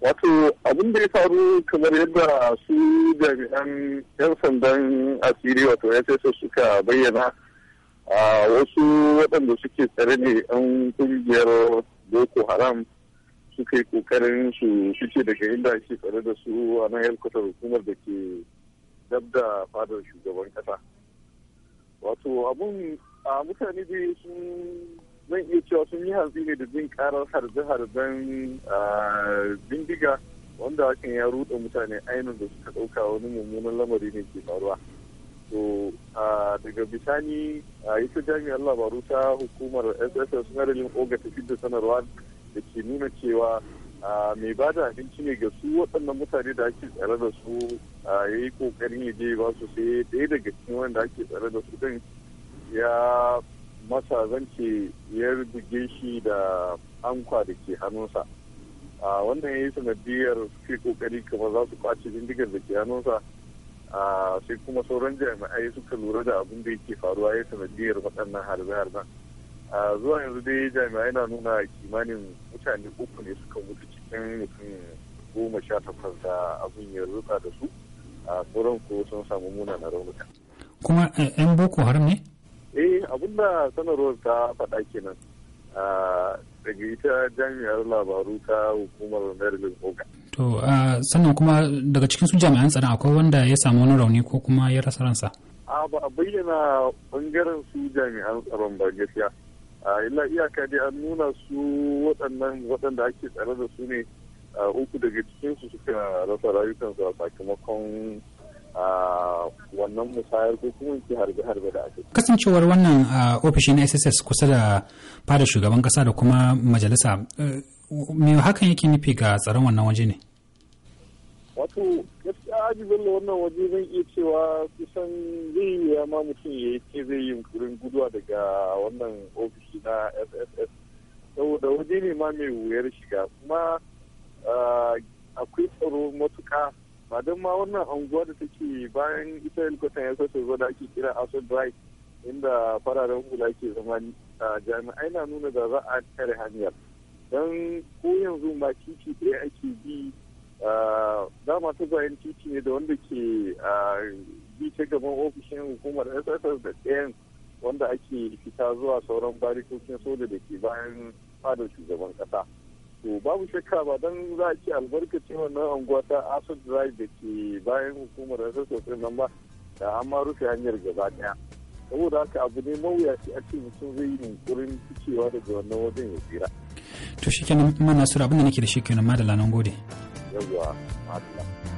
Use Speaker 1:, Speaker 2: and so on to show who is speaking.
Speaker 1: wato abin da ya faru kamar yadda su jami'an yan sandan asiri wato ya suka bayyana a wasu waɗanda suke tsare ne yan kungiyar boko haram suka yi kokarin su fice daga inda ake tsare da su a nan yalkutar hukumar da ke dab da fadar shugaban kasa wato abun a mutane biyu sun yi hatsi ne da jin karar harbe-harben bindiga wanda hakan ya rute mutane ainihin da suka ɗauka wani mummunan lamari ne ke faruwa to daga bisani a ita jami'ar labaru ta hukumar sss na rilin oga ta fidda sanarwa da ke nuna cewa mai ba da abinci ne ga su waɗannan mutane da ake tsare da su ya yi ƙoƙarin ya je ba su sai ɗaya daga cikin wanda ake tsare da su ya masa zance ya rubuge shi da ankwa da ke hannunsa a wannan yayi yi sanadiyar suke kokari kamar za su kwace bindigar da ke hannunsa sai kuma sauran jami'ai suka lura da abin da yake faruwa ya sanadiyar waɗannan harbe-harben zuwa yanzu dai jami'ai na nuna kimanin mutane uku ne suka mutu cikin mutum goma sha takwas da abin ya rufa da su a sauran ko sun samu munana raunuka
Speaker 2: kuma eh, yan boko haram ne
Speaker 1: eh abinda sanarwar ta faɗa kenan daga ita jami'ar labaru ta hukumar maryland oga
Speaker 2: to sannan kuma daga cikin su jami'an tsaron akwai wanda ya samu wani rauni ko kuma ya rasa ransa
Speaker 1: a ba a bayyana bangaren su jami'an tsaron ba gaskiya a illa iyaka dai an nuna su waɗannan waɗanda ake tsare da su ne uku daga cikin su suka rasa rayukansu a sakamakon wannan musayar ko kuma ke harbe-harbe da ake.
Speaker 2: Kasancewar wannan uh, ofishin SSS kusa da fada shugaban kasa da kuma majalisa
Speaker 1: uh,
Speaker 2: me hakan yake nufi ga tsaron wannan waje ne?
Speaker 1: Wato gaskiya ajibin da wannan waje zan iya cewa kusan zai yi ya ma mutum ya ce zai yi yunkurin guduwa daga wannan ofishi na SSS. Saboda waje ne ma mai wuyar shiga kuma uh, akwai tsaro matuka ba don ma wannan anguwa da take bayan israel helikwatar ya sace zo da ake kira aso drive inda fararen hula ke zama jami'ai na nuna da za a kare hanyar don ko yanzu ma titi ɗaya ake bi dama ta bayan titi ne da wanda ke bi ta gaban ofishin hukumar sss da ɗayan wanda ake fita zuwa sauran barikokin soja da ke bayan fadar shugaban ƙasa. to babu shakka ba don za a ce albarkacin wannan unguwa ta asad drive da ke bayan hukumar rasar sosai nan ba da an ma rufe hanyar gaba daya saboda haka abu ne mawuyaci a ce mutum zai yi yunkurin ficewa daga wannan wajen ya tsira
Speaker 2: to shi kenan mana sura abinda nake da shi kenan madala nan gode
Speaker 1: yawwa madala